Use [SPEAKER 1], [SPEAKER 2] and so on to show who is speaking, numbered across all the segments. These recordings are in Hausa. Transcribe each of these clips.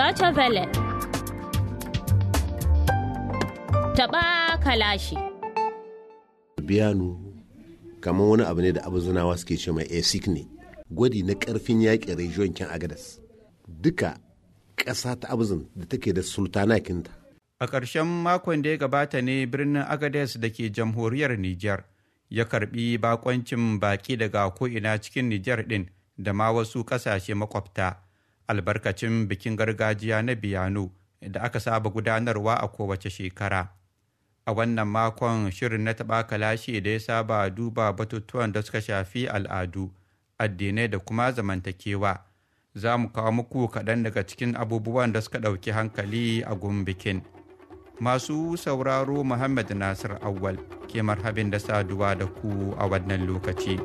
[SPEAKER 1] Deutsche Welle. Taɓa kalashi.
[SPEAKER 2] Biyanu kamar wani abu ne da abuzunawa suke ce mai ASIC ne. Gwadi na ƙarfin yaƙi rejiyon kin Agadas. Duka ƙasa ta abuzin da take da sultanakinta.
[SPEAKER 3] A ƙarshen makon da ya gabata ne birnin Agadez da ke jamhuriyar Nijar ya karbi bakoncin baki daga ko'ina cikin Nijar ɗin da ma wasu ƙasashe makwabta. albarkacin bikin gargajiya na biyano da aka saba gudanarwa a kowace shekara a wannan makon shirin na taɓa kalashi da ya saba duba batutuwan da suka shafi al'adu addinai da kuma zamantakewa za mu kawo muku kaɗan daga cikin abubuwan da suka ɗauki hankali a bikin masu sauraro muhammad nasir awal ke marhabin da saduwa da ku a wannan lokaci.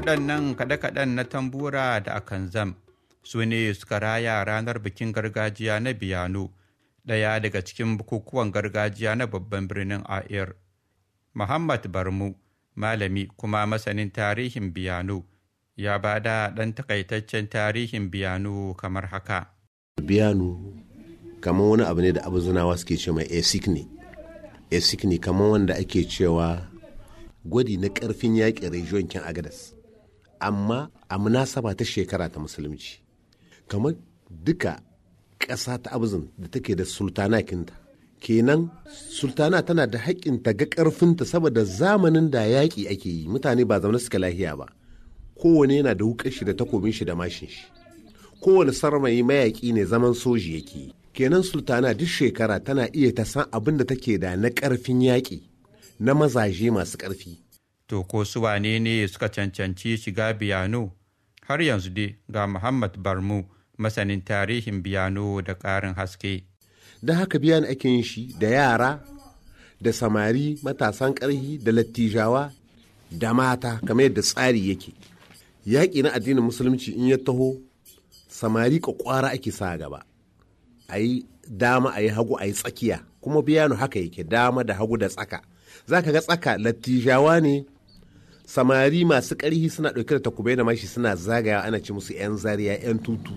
[SPEAKER 3] waɗannan kaɗe-kaɗen na tambura da zam su ne suka raya ranar bikin gargajiya na biyano ɗaya daga cikin bukukuwan gargajiya na babban birnin air muhammad barmu malami kuma masanin tarihin biyano ya ba da ɗan takaitaccen tarihin biyano kamar haka
[SPEAKER 2] biyano kamar wani abu ne da abuzunawa suke ce mai asik ne ne kamar wanda ake cewa gwadi na ƙarfin yaƙin region kin agadas amma a munasaba ta shekara ta musulunci kamar duka ƙasa ta abuzin da take da sultana kinta. kenan sultana tana da haƙƙin ta ga ƙarfinta saboda zamanin da yaƙi ake yi mutane ba zaune suka lahiya ba kowane yana da wuƙar shi da takobin shi da mashin shi kowane sarmayi mayaƙi ne zaman soji yake yi kenan sultana duk shekara tana iya ta san abin da take da na ƙarfin yaƙi na mazaje masu ƙarfi
[SPEAKER 3] To ko su wane ne suka cancanci shiga biyano? Har yanzu dai ga Muhammad Barmu masanin tarihin biyano da ƙarin haske. Da haka biyan ake yin shi da yara, da samari matasan ƙarhi da lattijawa
[SPEAKER 2] da mata kamar yadda tsari yake. Yaƙi na addinin musulunci in ya taho, samari ƙwaƙwara ake sa gaba. A yi dama a yi hagu a yi tsakiya, kuma biyano haka yake dama da hagu da tsaka. Za ka ga tsaka lattijawa ne samari masu ƙarhi suna ɗauke da takubai da mashi suna zagaya ana ce musu 'yan zariya 'yan tutu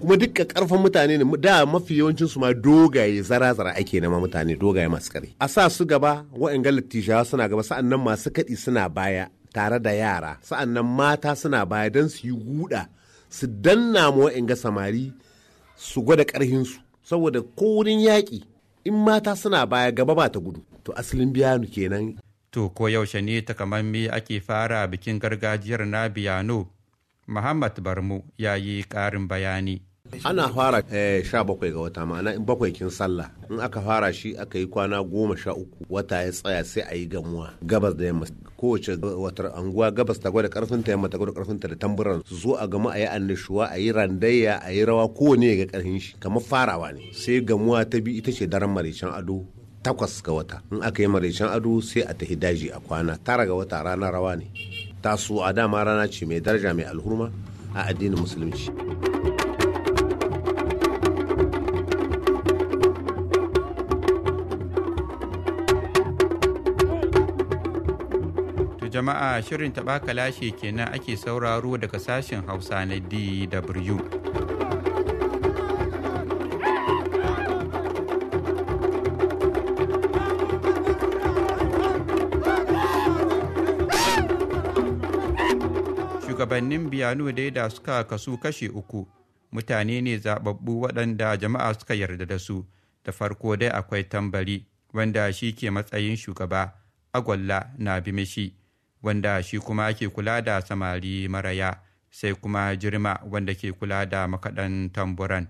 [SPEAKER 2] kuma duka karfan mutane ne da mafi yawancin su ma dogaye zara-zara ake nema mutane dogaye masu ƙarhi a sa su gaba wa'yan lattijawa suna gaba sa'annan masu kaɗi suna baya tare da yara sa'annan mata suna baya don su yi guda su danna mu wa'in ga samari su gwada su saboda ko wurin yaƙi
[SPEAKER 3] in mata suna baya gaba ba ta gudu to asalin biyanu kenan To ko yaushe ne takamammi ake fara bikin gargajiyar na biyano? Muhammad Barmu ya yi ƙarin bayani.
[SPEAKER 2] ana fara eh, sha bakwai ga wata ma'ana in bakwai kin sallah in aka fara shi aka yi kwana goma sha uku wata ya tsaya sai a yi gamuwa gabas da yamma kowace watar anguwa gabas ta gwada karfin ta yamma ta gwada karfin ta da tamburan su zo a gamu a yi annishuwa a yi randayya a yi rawa kowane ga karfin shi kamar farawa ne sai gamuwa ta bi ita ce daren maricin ado takwas ga wata in aka yi maraicen ado sai a tafi daji a kwana tara ga wata rana rawa ne taso a dama rana ce mai daraja mai alhurma a addinin musulunci
[SPEAKER 3] jama'a shirin taɓa kalashe kenan ake sauraro daga sashen hausa na DW. shugabannin biyanu dai da suka kasu kashe uku mutane ne zababbu waɗanda jama'a suka yarda da su da farko dai akwai tambari wanda shi ke matsayin shugaba agwalla na bimishi wanda shi kuma ke kula da samari maraya sai kuma jirma wanda ke kula da makaɗan tamburan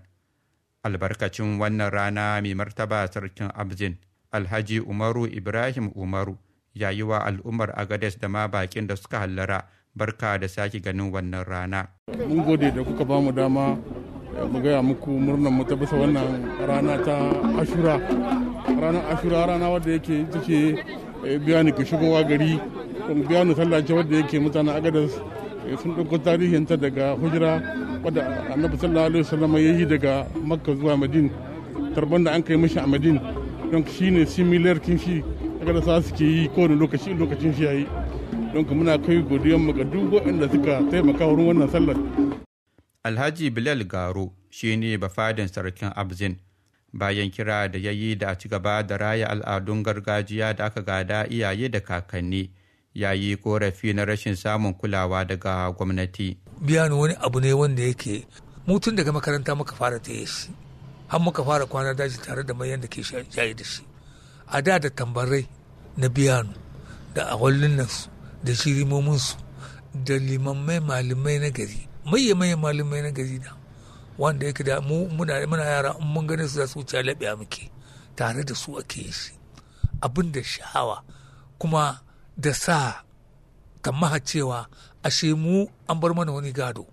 [SPEAKER 3] albarkacin wannan rana mai martaba sarkin abzin alhaji umaru ibrahim umaru yayi wa al'ummar agades da ma bakin da suka hallara barka da sake ganin wannan rana
[SPEAKER 4] mun gode da kuka bamu dama eh, mu gaya muku murnan mu ta bisa wannan rana ta ashura ranar ashura rana wadda yake ita eh, biya ni ka shigowa gari kuma biya ni sallace wadda yake mutanen agadas eh, sun ɗauko tarihinta daga hujira wadda annabi sallallahu alaihi wasallam ya yi daga makka zuwa madin tarban da an kai mashi a madin don shi ne similar kin shi agadas suke yi kowane lokaci lokacin shi ya don muna kai godiyan mu ga duk waɗanda suka taimaka wurin wannan sallar.
[SPEAKER 3] Alhaji Bilal Garo shi ne bafadin sarkin Abzin bayan kira da ya yi da a ci gaba da raya al'adun gargajiya da aka gada iyaye da kakanni ya yi korafi na rashin samun kulawa daga gwamnati.
[SPEAKER 1] Biyanu wani abu ne wanda yake mutun daga makaranta muka fara ta shi har muka fara kwana daji tare da mai da ke shayi da shi a da da tambarai na biyanu da a wallin nan da shirimominsu da limammai malamai na gari maye maye malamai na gari da wanda yake da muna yara in mun gane su za su wuce labiya muke tare da su ake yi shi abin da sha'awa kuma da sa maha cewa ashe mu an bar mana wani gado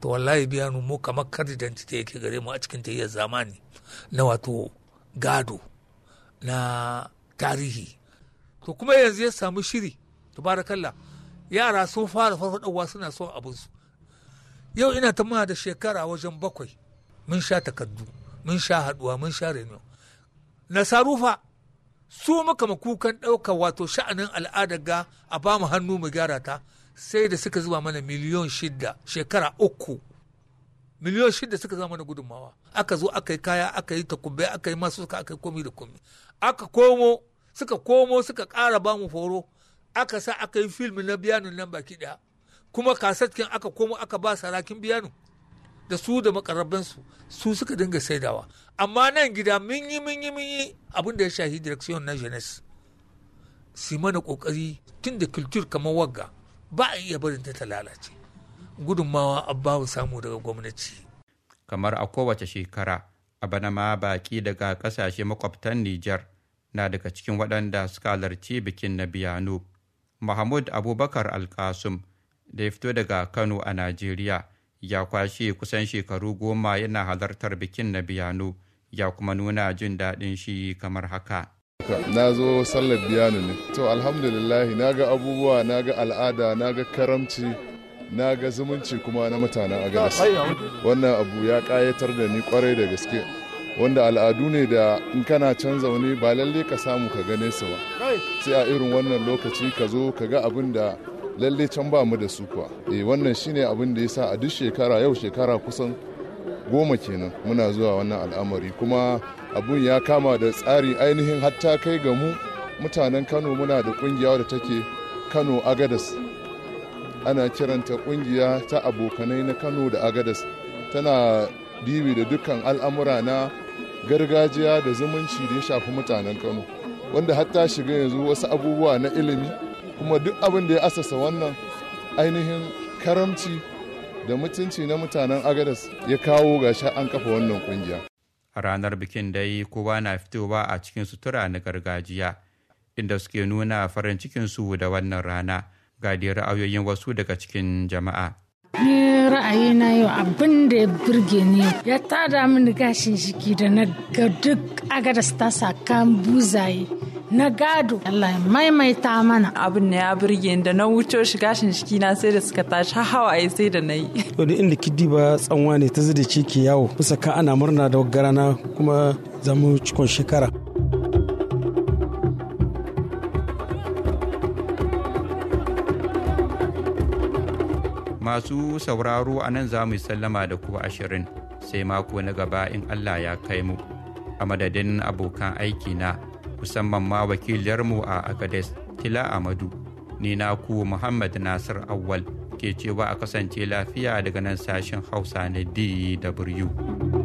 [SPEAKER 1] to wallahi biya nu mu kamar kar ta yake gare mu a cikin ta zamani na wato gado na tarihi to kuma yanzu ya samu shiri tabarakallah yara sun fara farfadowa suna son abinsu yau ina ta da shekara wajen bakwai mun sha takardu mun sha haduwa mun sha reno nasarufa su muka makukan ɗaukar wato sha'anin al'adar ga a ba mu hannu mu gyara ta sai da suka zuba mana miliyon shida shekara uku miliyon shida suka zama mana gudunmawa aka zo aka yi kaya aka yi takubai aka yi masu suka aka yi komi da komi aka komo suka komo suka ƙara ba mu horo aka sa aka yi film na biyanun nan baki ɗaya kuma kasatkin aka komo aka ba sarakin biyanu da su da makarabansu su suka dinga saidawa amma nan gida mun yi mun yi mun yi abin da ya shahi direction na jeunesse si mana kokari tun da culture kamar wagga ba a iya barin ta lalace gudunmawa abbawu samu daga gwamnati
[SPEAKER 3] kamar a kowace shekara a bana ma baki daga kasashe makwabtan Nijar na daga cikin waɗanda suka halarci bikin na biyano mahmud abubakar alkasum da ya fito daga kano a najeriya ya kwashe kusan shekaru goma yana halartar bikin na biyano ya kuma nuna jin daɗin shi kamar haka
[SPEAKER 4] na zo sallar biyano ne to alhamdulillahi na ga abubuwa na ga al'ada na ga karamci na ga zumunci kuma na mutanen agadas wannan abu ya ƙayatar da ni kwarai da gaske wanda al'adu ne da in kana can zaune ba lalle ka samu ka ga nesa ba sai a irin wannan lokaci ka zo ka ga abin da lalle can ba mu da su kuwa eh wannan shine abin da sa a duk shekara yau shekara kusan goma kenan muna zuwa wannan al'amari kuma abun ya kama da tsari ainihin hatta kai ga mu mutanen kano muna da kungiya da take kano agadas ana kiranta kungiya ta abokanai na kano da agadas tana dibi da dukkan al'amura na gargajiya da zumunci da ya shafi mutanen kano wanda hatta shiga yanzu wasu abubuwa na ilimi kuma duk abin da ya asasa wannan ainihin karamci da mutunci na mutanen agadas ya kawo gashi an kafa wannan kungiya
[SPEAKER 3] ranar bikin dai kowa na fitowa a cikin sutura na gargajiya inda suke nuna farin cikinsu da wannan rana ga ra'ayoyin wasu daga cikin jama'a
[SPEAKER 1] Ni ra'ayi na yau abin da ya burge ni ya tada mini gashin shiki da na ga duk agadas ta
[SPEAKER 4] kan buzaye. na gado Allah ya maimaita mana abin da ya burge da na wuce shi gashin shiki na sai da suka tashi har hawaye sai da nayi
[SPEAKER 1] to da inda kiddi ba tsanwa ne ta zide ciki yawo bisa ka ana murna da garana kuma zamu cikon shekara
[SPEAKER 3] sauraro a nan za mu sallama da ku ashirin sai mako na gaba in Allah ya kai mu a madadin abokan aiki na musamman ma wakiliyarmu a Agades Tila Amadu ni na ku Muhammad Nasir Awwal ke cewa a kasance lafiya daga nan sashen Hausa na DW.